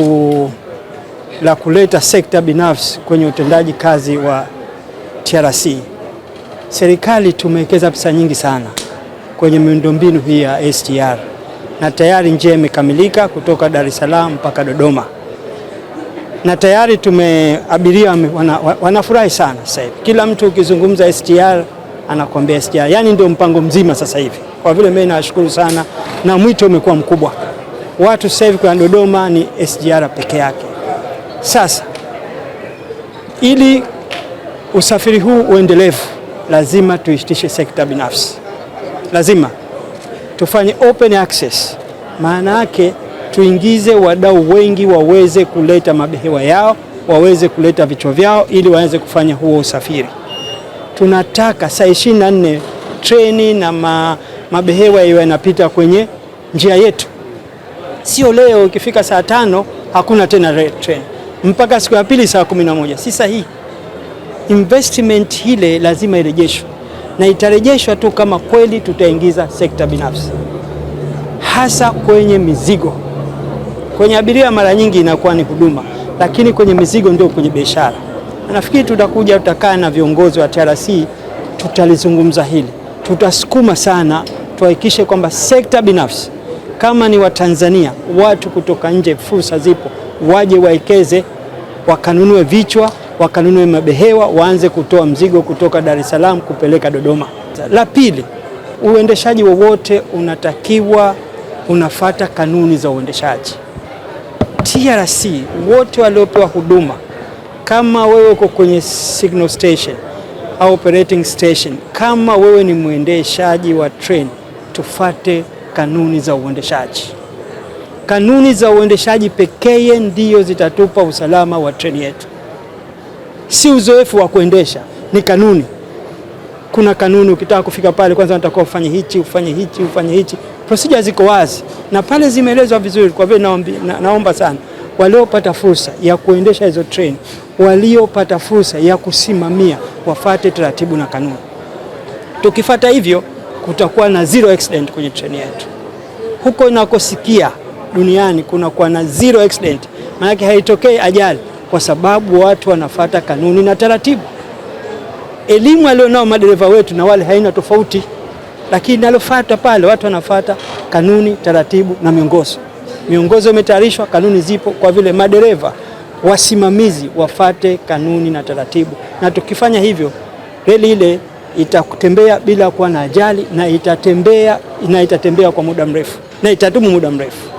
ku, la kuleta sekta binafsi kwenye utendaji kazi wa TRC. Serikali tumewekeza pesa nyingi sana kwenye miundombinu hii ya SGR na tayari njia imekamilika kutoka Dar es Salaam mpaka Dodoma na tayari tumeabiria wanafurahi wana sana sasa hivi. Kila mtu ukizungumza SGR anakuambia SGR, yaani ndio mpango mzima sasa hivi. Kwa vile mimi nashukuru sana na mwito umekuwa mkubwa watu sasa hivi kwa Dodoma ni SGR peke yake. Sasa ili usafiri huu uendelevu, lazima tuishitishe sekta binafsi, lazima tufanye open access, maana yake tuingize wadau wengi waweze kuleta mabehewa yao, waweze kuleta vichwa vyao ili waweze kufanya huo usafiri. Tunataka saa 24 treni na ma, mabehewa hiyo yanapita kwenye njia yetu sio leo. Ikifika saa tano hakuna tena red train mpaka siku ya pili saa kumi na moja. Si sahihi. Investment ile lazima irejeshwe, na itarejeshwa tu kama kweli tutaingiza sekta binafsi, hasa kwenye mizigo. Kwenye abiria mara nyingi inakuwa ni huduma, lakini kwenye mizigo ndio kwenye biashara. Nafikiri tutakuja, tutakaa na viongozi wa TRC, tutalizungumza hili, tutasukuma sana tuhakikishe kwamba sekta binafsi kama ni Watanzania, watu kutoka nje, fursa zipo, waje waekeze wakanunue vichwa, wakanunue mabehewa, waanze kutoa mzigo kutoka Dar es Salaam kupeleka Dodoma. La pili, uendeshaji wowote unatakiwa unafata kanuni za uendeshaji. TRC wote waliopewa huduma, kama wewe uko kwenye signal station au operating station, kama wewe ni mwendeshaji wa train, tufate kanuni za uendeshaji. Kanuni za uendeshaji pekee ndiyo zitatupa usalama wa treni yetu, si uzoefu wa kuendesha, ni kanuni. Kuna kanuni, ukitaka kufika pale kwanza unatakiwa ufanye hichi ufanye hichi ufanye hichi. Procedure ziko wazi na pale zimeelezwa vizuri. Kwa vile na, naomba sana waliopata fursa ya kuendesha hizo treni, waliopata fursa ya kusimamia wafate taratibu na kanuni. Tukifata hivyo kutakuwa na zero accident kwenye treni yetu. Huko inakosikia duniani kunakuwa na zero accident, maanake haitokei ajali kwa sababu watu wanafata kanuni na taratibu. Elimu alionao madereva wetu na wale haina tofauti, lakini nalofata pale watu wanafata kanuni, taratibu na miongozo. Miongozo imetayarishwa, kanuni zipo, kwa vile madereva wasimamizi wafate kanuni na taratibu, na tukifanya hivyo reli ile itakutembea bila kuwa na ajali na itatembea, na itatembea kwa muda mrefu na itadumu muda mrefu.